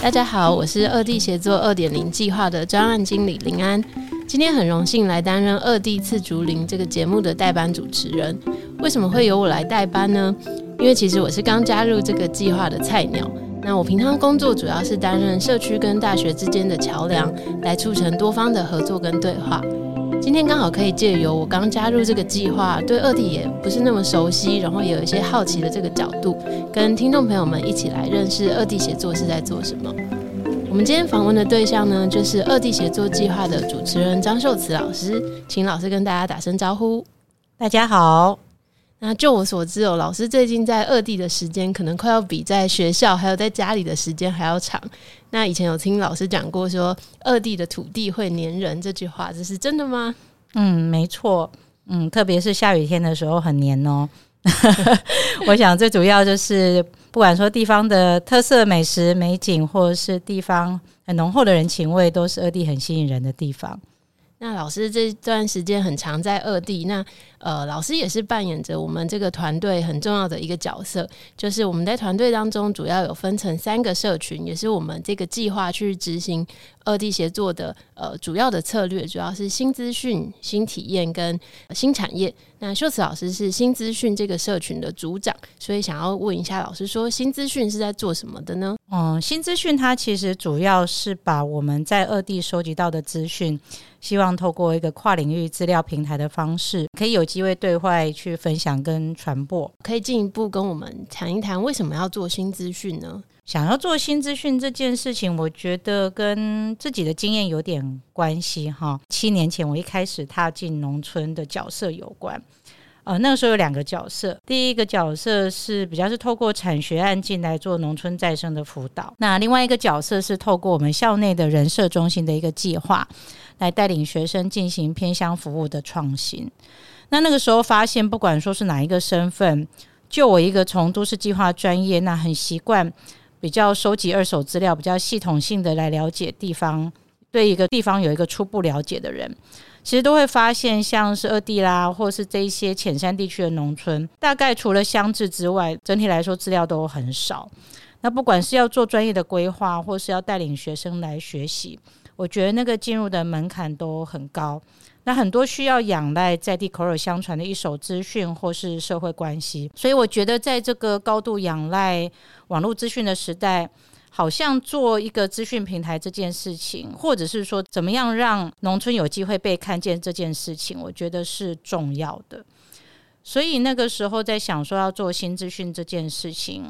大家好，我是惡地協作2.0計劃的專案經理林玲安，今天很榮幸來擔任《惡地莿竹林》這個節目的代班主持人。為什麼會由我來代班呢？因為其實我是剛加入這個計劃的菜鳥，那我平常工作主要是擔任社區跟大學之間的橋樑，來促成多方的合作跟對話。今天剛好可以借由我剛加入這個計劃，對惡地也不是那麼熟悉，然後也有一些好奇的這個角度，跟聽眾朋友們一起來認識惡地協作是在做什麼。我們今天訪問的對象呢，就是惡地協作計劃的主持人張秀慈老師，請老師跟大家打聲招呼。大家好。那就我所知哦，老師最近在惡地的時間，可能快要比在學校還有在家裡的時間還要長。那以前有聽老師講過說，惡地的土地會黏人，這句話這是真的嗎？嗯，沒錯，嗯，特別是下雨天的時候很黏哦。 我想最主要就是，不管說地方的特色美食、美景，或者是地方很濃厚的人情味，都是惡地很吸引人的地方。那老師這段時間很常在惡地，那呃，老師也是扮演着我們這個團隊很重要的一個角色，就是我們在團隊當中主要有分成三個社群，也是我們這個計劃去執行惡地協作的呃主要的策略，主要是新資訊、新體驗跟新產業。那秀慈老師是新資訊這個社群的組長，所以想要問一下老師說，說新資訊是在做什麼的呢？嗯，新資訊它其實主要是把我們在惡地收集到的資訊，希望透過一個跨領域資料平台的方式，可以有機會對外去分享跟傳播。可以進一步跟我們談一談，為什麼要做新資訊呢？想要做新資訊這件事情，我覺得跟自己的經驗有點關係哈。七年前我一開始踏進農村的角色有關，呃，那個時候有兩個角色，第一個角色是比較是透過產學案進來做農村再生的輔導，那另外一個角色是透過我們校內的人社中心的一個計劃，來帶領學生進行偏鄉服務的創新。那那個時候發現，不管說是哪一個身份，就我一個從都市計劃專業，那很習慣。比較收集二手資料、比較系統性的來了解地方，對一個地方有一個初步了解的人，其實都會發現，像是惡地啦，或是這一些淺山地區的農村，大概除了鄉志之外，整體來說資料都很少。那不管是要做專業的規劃，或是要帶領學生來學習，我覺得那個進入的門檻都很高。那很多需要仰賴在地口耳相傳的一手資訊，或是社會關係，所以我覺得在這個高度仰賴網絡資訊的時代，好像做一個資訊平台這件事情，或者是說怎麼樣讓農村有機會被看見這件事情，我覺得是重要的。所以那個時候在想說要做新資訊這件事情，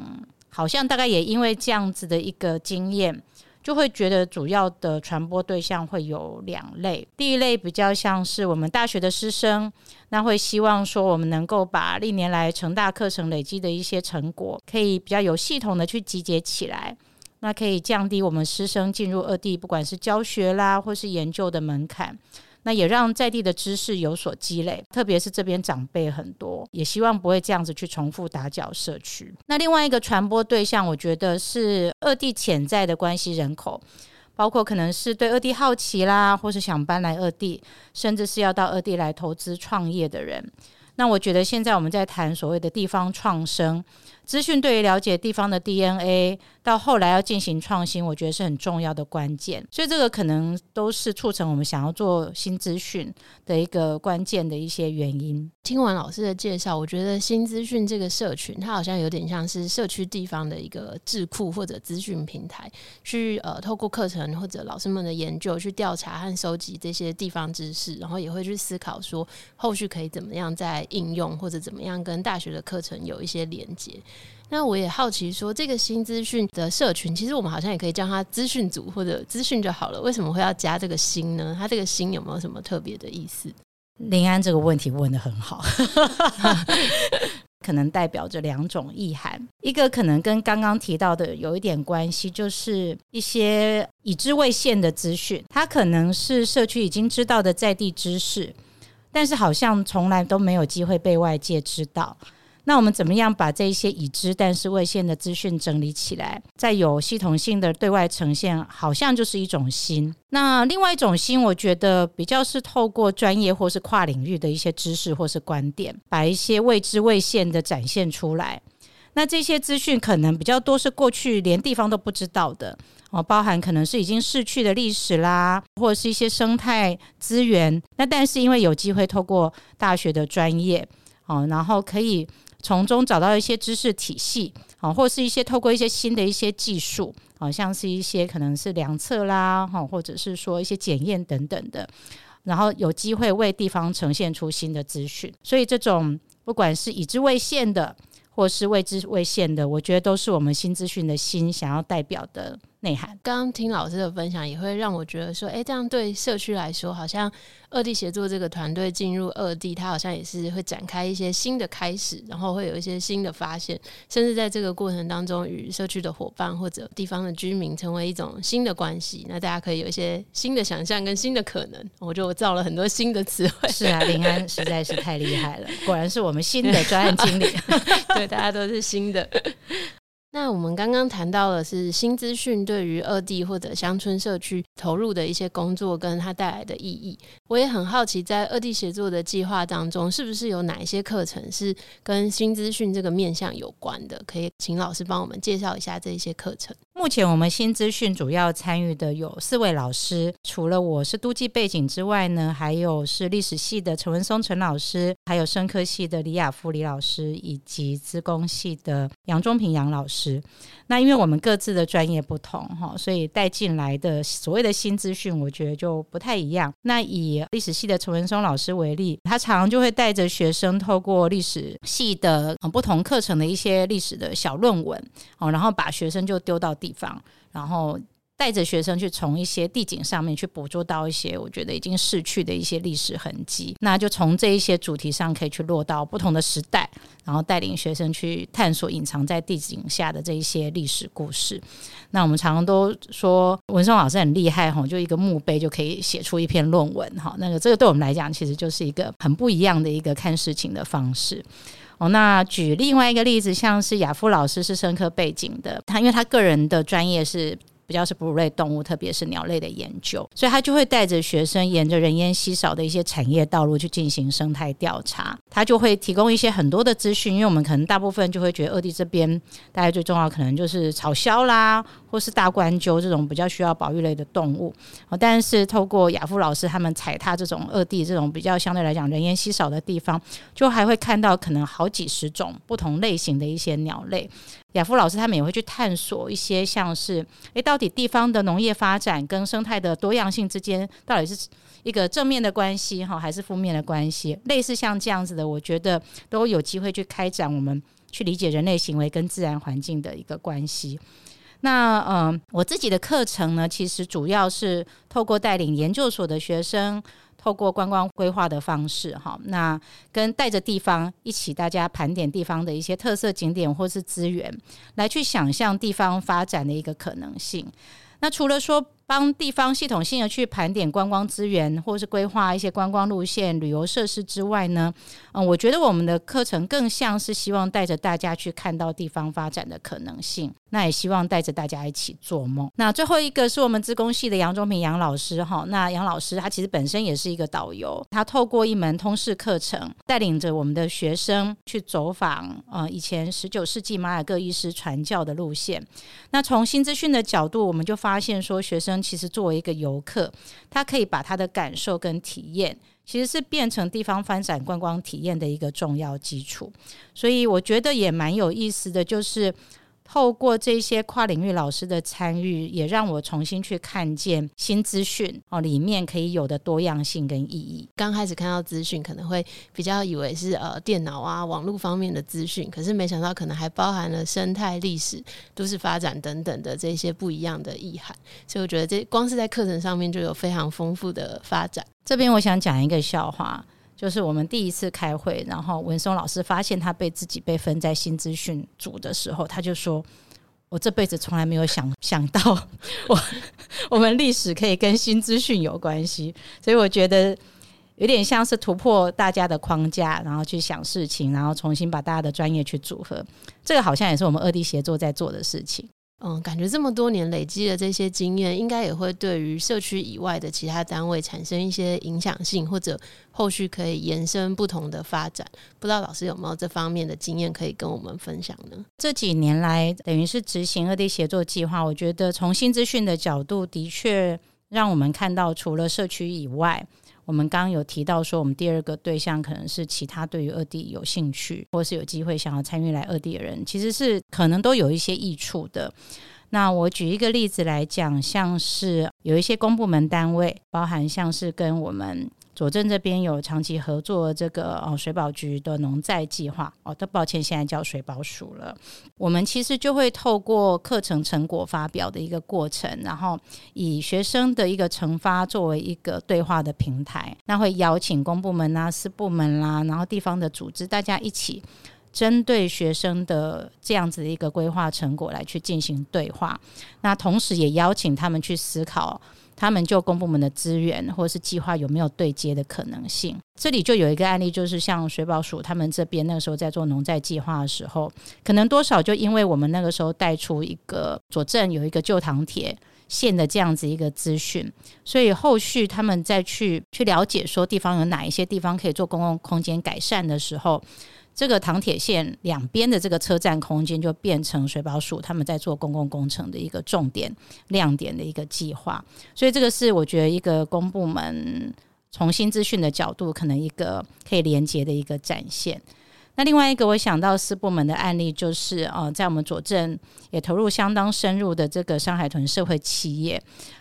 好像大概也因為這樣子的一個經驗。就會覺得主要的傳播對象會有兩類，第一類比較像是我們大學的師生，那會希望說我們能夠把歷年來成大課程累積的一些成果，可以比較有系統的去集結起來，那可以降低我們師生進入惡地，不管是教學啦或是研究的門檻。那也讓在地的知識有所積累，特別是這邊長輩很多，也希望不會這樣子去重複打攪社區。那另外一個傳播對象，我覺得是惡地潛在的關係人口，包括可能是對惡地好奇啦，或是想搬來惡地，甚至是要到惡地來投資創業的人。那我覺得現在我們在談所謂的地方創生。資訊對於了解地方的 DNA，到後來要進行創新，我覺得是很重要的關鍵。所以這個可能都是促成我們想要做新資訊的一個關鍵的一些原因。聽完老師的介紹，我覺得新資訊這個社群，它好像有點像是社區地方的一個智庫或者資訊平台，去呃透過課程或者老師們的研究去調查和收集這些地方知識，然後也會去思考說後續可以怎麼樣再應用，或者怎麼樣跟大學的課程有一些連接。那我也好奇說，這個新資訊的社群，其實我們好像也可以叫它資訊組或者資訊就好了。為什麼會要加這個“新”呢？它這個“新”有沒有什麼特別的意思？林安這個問題問得很好， 可能代表着兩種意涵。一個可能跟剛剛提到的有一點關係，就是一些已知未現的資訊，它可能是社區已經知道的在地知識，但是好像從來都沒有機會被外界知道。那我們怎麼樣把這一些已知但是未現的資訊整理起來，再有系統性的對外呈現？好像就是一種新。那另外一種新，我覺得比較是透過專業或是跨領域的一些知識或是觀點，把一些未知未現的展現出來。那這些資訊可能比較多是過去連地方都不知道的哦，包含可能是已經逝去的歷史啦，或者是一些生態資源。那但是因為有機會透過大學的專業哦，然後可以。從中找到一些知識體系，好，或是一些透過一些新的一些技術，好像是一些可能是量測啦，哈，或者是說一些檢驗等等的，然後有機會為地方呈現出新的資訊。所以，這種不管是已知未現的，或是未知未現的，我覺得都是我們新資訊的新想要代表的。內涵。剛剛聽老師的分享，也會讓我覺得說，哎，這樣對社區來說，好像惡地協作這個團隊進入惡地，它好像也是會展開一些新的開始，然後會有一些新的發現，甚至在這個過程當中，與社區的夥伴或者地方的居民，成為一種新的關係。那大家可以有一些新的想象跟新的可能。我就造了很多新的詞彙。是啊，玲安實在是太厲害了， 果然是我們新的專案經理。 對，大家都是新的。那我們剛剛談到的是新資訊對於惡地或者鄉村社區投入的一些工作跟它帶來的意義，我也很好奇，在惡地協作的計劃當中，是不是有哪一些課程是跟新資訊這個面向有關的？可以請老師幫我們介紹一下這些課程。目前我們新資訊主要參與的有四位老師，除了我是都計背景之外呢，還有是歷史系的陳文松陳老師。還有生科系的李亞夫李老師以及資工系的楊忠平楊老師，那因為我們各自的專業不同哈，所以帶進來的所謂的新資訊，我覺得就不太一樣。那以歷史系的陳文松老師為例，他常常就會帶着學生透過歷史系的不同課程的一些歷史的小論文，然後把學生就丟到地方，然後，帶着學生去從一些地景上面去捕捉到一些我覺得已經逝去的一些歷史痕跡。那就從這一些主題上可以去落到不同的時代，然後帶領學生去探索隱藏在地景下的這一些歷史故事。那我們常常都說文松老師很厲害吼，就一個墓碑就可以寫出一篇論文哈。那個這個對我們來講其實就是一個很不一樣的一個看事情的方式。哦，那舉另外一個例子，像是雅夫老師是深刻背景的，他因為他個人的專業是。比較是哺乳類動物，特別是鳥類的研究，所以他就會帶着學生沿着人煙稀少的一些產業道路去進行生態調查，他就會提供一些很多的資訊。因為我們可能大部分就會覺得，惡地這邊大概最重要的可能就是草鴞啦。或是大冠鷲這種比較需要保育類的動物，但是透過亞夫老師他們踩踏這種惡地這種比較相對來講人煙稀少的地方，就還會看到可能好幾十種不同類型的一些鳥類。亞夫老師他們也會去探索一些像是，哎、欸，到底地方的農業發展跟生態的多樣性之間，到底是一個正面的關係哈，還是負面的關係？類似像這樣子的，我覺得都有機會去開展我們去理解人類行為跟自然環境的一個關係。那嗯、呃，我自己的課程呢，其實主要是透過帶領研究所的學生，透過觀光規劃的方式，哈，那跟帶着地方一起，大家盤點地方的一些特色景點或是資源，來去想象地方發展的一個可能性。那除了說幫地方系統性的去盤點觀光資源，或是規劃一些觀光路線、旅遊設施之外呢，嗯、呃，我覺得我們的課程更像是希望帶着大家去看到地方發展的可能性。那也希望帶着大家一起做夢。那最後一個是我們資工系的楊忠平楊老師哈。那楊老師他其實本身也是一個導遊，他透過一門通識課程，帶領着我們的學生去走訪呃以前十九世紀馬爾各醫師傳教的路線。那從新資訊的角度，我們就發現說，學生其實作為一個遊客，他可以把他的感受跟體驗，其實是變成地方發展觀光體驗的一個重要基礎。所以我覺得也蠻有意思的就是。透過這些跨領域老師的參與，也讓我重新去看見新資訊哦，裡面可以有的多樣性跟意義。剛開始看到資訊，可能會比較以為是呃電腦啊網絡方面的資訊，可是沒想到可能還包含了生態歷史、都市發展等等的這些不一樣的意涵。所以我覺得這光是在課程上面就有非常豐富的發展。這邊我想講一個笑話。就是我們第一次開會，然後文松老師發現他被自己被分在新資訊組的時候，他就說：“我這輩子從來沒有想想到我，我我們歷史可以跟新資訊有關係。”所以我覺得有點像是突破大家的框架，然後去想事情，然後重新把大家的專業去組合。這個好像也是我們惡地協作在做的事情。嗯，感覺這麼多年累積的這些經驗，應該也會對於社區以外的其他單位產生一些影響性，或者後續可以延伸不同的發展。不知道老師有沒有這方面的經驗可以跟我們分享呢？這幾年來，等於是執行惡地協作計劃，我覺得從新資訊的角度，的確讓我們看到除了社區以外。我們剛剛有提到說，我們第二個對象可能是其他對於惡地有興趣，或是有機會想要參與來惡地的人，其實是可能都有一些益處的。那我舉一個例子來講，像是有一些公部門單位，包含像是跟我們。左鎮這邊有長期合作這個呃、哦、水保局的農再計劃哦。都抱歉現在叫水保署了。我們其實就會透過課程成果發表的一個過程，然後以學生的一個成發作為一個對話的平台。那會邀請公部門啦、啊、私部門啦、啊，然後地方的組織，大家一起針對學生的這樣子的一個規劃成果來去進行對話。那同時也邀請他們去思考。他們就公部門的資源或者是計劃有沒有對接的可能性。這裡就有一個案例，就是像水保署他們這邊那個時候在做農再計劃的時候，可能多少就因為我們那個時候帶出一個佐證，有一個舊糖鐵線的這樣子一個資訊，所以後續他們再去去了解說地方有哪一些地方可以做公共空間改善的時候。這個糖鐵線兩邊的這個車站空間，就變成水保署他們在做公共工程的一個重點亮點的一個計劃，所以這個是我覺得一個公部門從新資訊的角度，可能一個可以連接的一個展現。那另外一個我想到私部門的案例就是，呃，在我們左鎮，也投入相當深入的這個山海屯社會企業，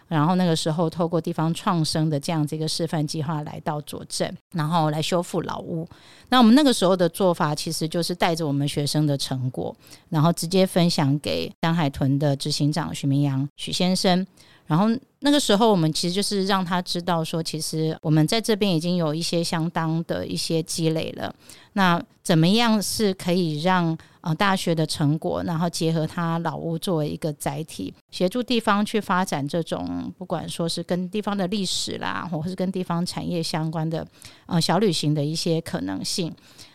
然後那個時候透過地方創生的這樣子一個示範計劃來到左鎮，然後來修復老屋。那我們那個時候的做法其實就是帶着我們學生的成果，然後直接分享給山海屯的執行長許明揚許先生。然後那個時候，我們其實就是讓他知道說，其實我們在這邊已經有一些相當的一些積累了。那怎麼樣是可以讓呃大學的成果，然後結合他老屋作為一個載體，協助地方去發展這種不管說是跟地方的歷史啦，或是跟地方產業相關的呃小旅行的一些可能性？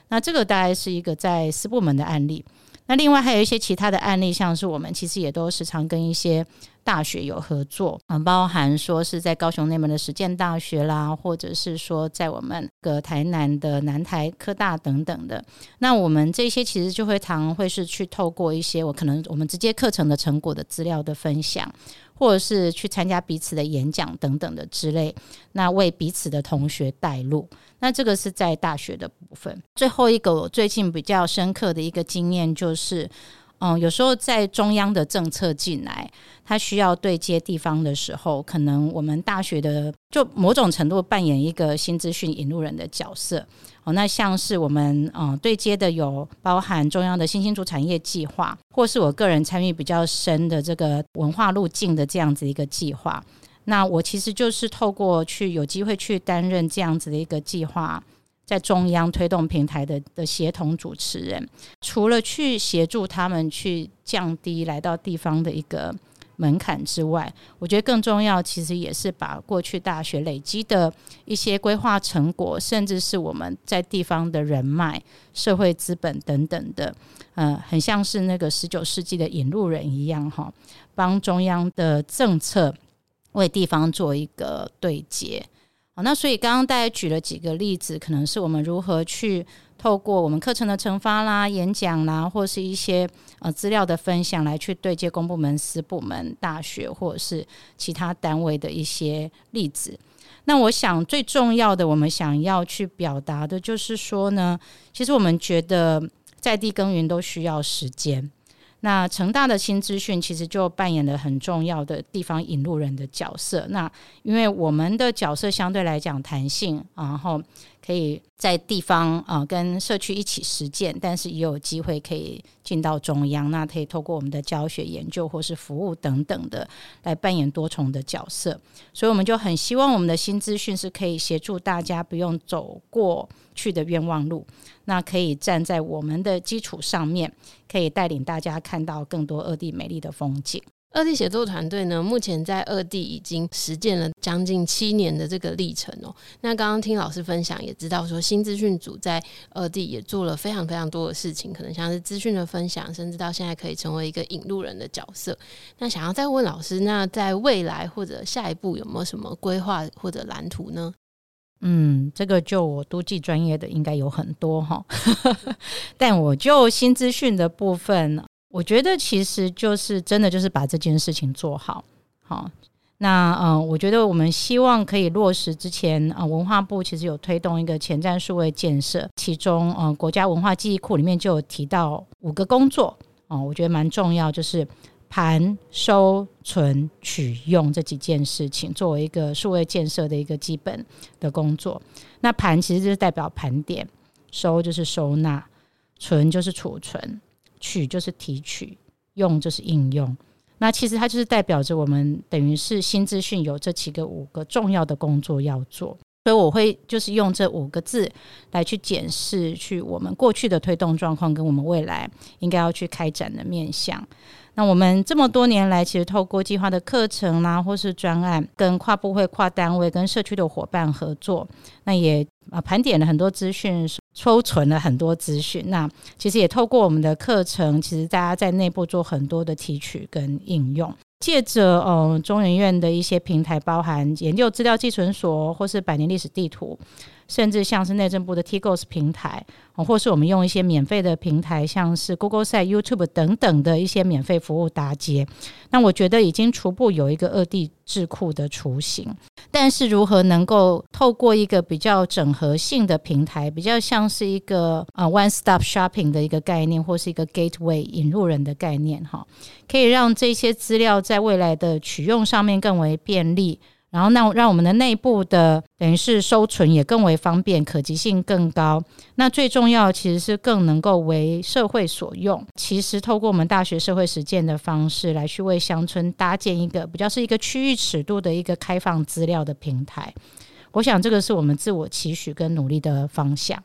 那這個大概是一個在私部門的案例。那另外還有一些其他的案例，像是我們其實也都時常跟一些大學有合作，嗯、啊，包含說是在高雄內門的實踐大學啦，或者是說在我們個台南的南台科大等等的。那我們這些其實就會常常會是去透過一些我可能我們直接課程的成果的資料的分享，或者是去參加彼此的演講等等的之類，那為彼此的同學帶路，那這個是在大學的部分。最後一個，我最近比較深刻的一個經驗就是。嗯，有時候在中央的政策進來，它需要對接地方的時候，可能我們大學的就某種程度扮演一個新資訊引路人的角色。哦、嗯，那像是我們嗯對接的有包含中央的新興竹產業計劃，或是我個人參與比較深的這個文化路徑的這樣子一個計劃。那我其實就是透過去有機會去擔任這樣子的一個計劃在中央推動平台的的協同主持人，除了去協助他們去降低來到地方的一個門檻之外，我覺得更重要其實也是把過去大學累積的一些規劃成果，甚至是我們在地方的人脈、社會資本等等的，嗯，很像是那個十九世紀的引路人一樣，哈，幫中央的政策為地方做一個對接。好，那所以剛剛大家舉了幾個例子，可能是我們如何去透過我們課程的成發啦、演講啦，或是一些呃資料的分享來去對接公部門、私部門、大學或者是其他單位的一些例子。那我想最重要的，我們想要去表達的就是說呢，其實我們覺得在地耕耘，都需要時間。那成大的新資訊其實就扮演了很重要的地方引路人的角色。那因為我們的角色相對來講彈性，然後，可以在地方啊、呃、跟社區一起實踐，但是也有機會可以進到中央，那可以透過我們的教學研究或是服務等等的來扮演多重的角色。所以我們就很希望我們的新資訊是可以協助大家不用走過去的冤枉路，那可以站在我們的基礎上面，可以帶領大家看到更多惡地美麗的風景。惡地協作團隊呢，目前在惡地已經實踐了將近七年的這個歷程哦。那剛剛聽老師分享，也知道說新資訊組在惡地也做了非常非常多的事情，可能像是資訊的分享，甚至到現在可以成為一個引路人的角色。那想要再問老師，那在未來或者下一步有沒有什麼規劃或者藍圖呢？嗯，這個就我都計專業的應該有很多哈、哦， 但我就新資訊的部分。我覺得其實就是真的就是把這件事情做好。好、哦，那嗯、呃，我覺得我們希望可以落實之前啊、呃、文化部其實有推動一個前瞻數位建設，其中嗯、呃，國家文化記憶庫裡面就有提到五個工作哦，我覺得蠻重要，就是盤、收、存、取、用這幾件事情，作為一個數位建設的一個基本的工作。那盤其實就是代表盤點，收就是收納，存就是儲存。取就是提取，用就是應用。那其實它就是代表着我們，等於是新資訊有這幾個五個重要的工作要做。所以我會就是用這五個字來去檢視，去我們過去的推動狀況跟我們未來應該要去開展的面向。那我們這麼多年來，其實透過計劃的課程啦、啊，或是專案，跟跨部會、跨單位、跟社區的伙伴合作，那也啊盤點了很多資訊，抽存了很多資訊。那其實也透過我們的課程，其實大家在內部做很多的提取跟應用。借着呃、中研院的一些平台，包含研究資料寄存所或是百年歷史地圖。甚至像是內政部的 TIGOS 平台，或是我們用一些免費的平台，像是 Google Site、YouTube 等等的一些免費服務搭接。那我覺得已經初步有一個惡地智庫的雛形。但是如何能夠透過一個比較整合性的平台，比較像是一個呃 One Stop Shopping 的一個概念，或是一個 Gateway 引路人的概念，哈，可以讓這些資料在未來的取用上面更為便利。然後，那讓我們的內部的等於是收存也更為方便，可及性更高。那最重要其實是更能夠為社會所用。其實，透過我們大學社會實踐的方式來去為鄉村搭建一個比較是一個區域尺度的一個開放資料的平台。我想，這個是我們自我期許跟努力的方向。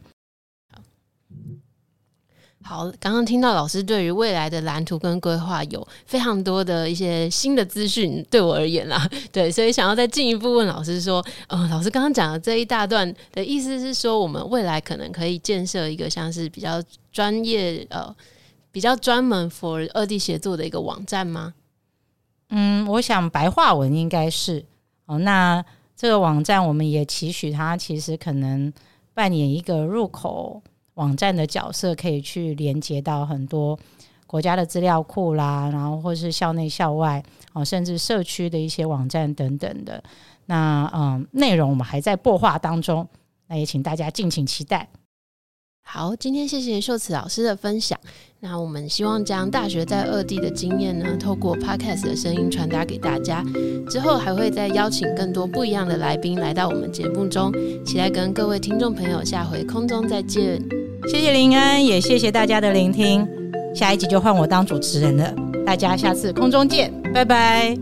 好，剛剛聽到老師對於未來的藍圖跟規劃有非常多的一些新的資訊，對我而言啦，對，所以想要再進一步問老師說，嗯、呃，老師剛剛講的這一大段的意思是說，我們未來可能可以建設一個像是比較專業、呃，比較專門 for 惡地協作的一個網站嗎？嗯，我想白話文應該是哦，那這個網站我們也期許它其實可能扮演一個入口。網站的角色，可以去連接到很多國家的資料庫啦，然後或是校內校外，哦，甚至社區的一些網站等等的。那嗯，內容我們還在播化當中，那也請大家敬請期待。好，今天謝謝秀慈老師的分享。那我們希望將大學在惡地的經驗呢，透過 Podcast 的聲音傳達給大家。之後還會再邀請更多不一樣的來賓來到我們節目中，期待跟各位聽眾朋友下回空中再見。謝謝玲安，也謝謝大家的聆聽。下一集就換我當主持人了，大家下次空中見，拜拜。